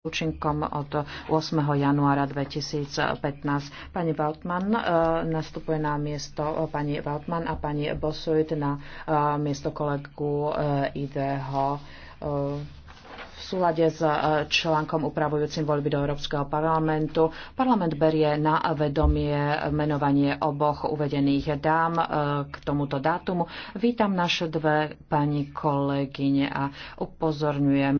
účinkom od 8. januára 2015. Pani Waltman e, nastupuje na miesto e, pani Waltman a pani Bosuit na e, miesto kolegu ideho v súlade s článkom upravujúcim voľby do Európskeho parlamentu. Parlament berie na vedomie menovanie oboch uvedených dám k tomuto dátumu. Vítam naše dve pani kolegyne a upozorňujem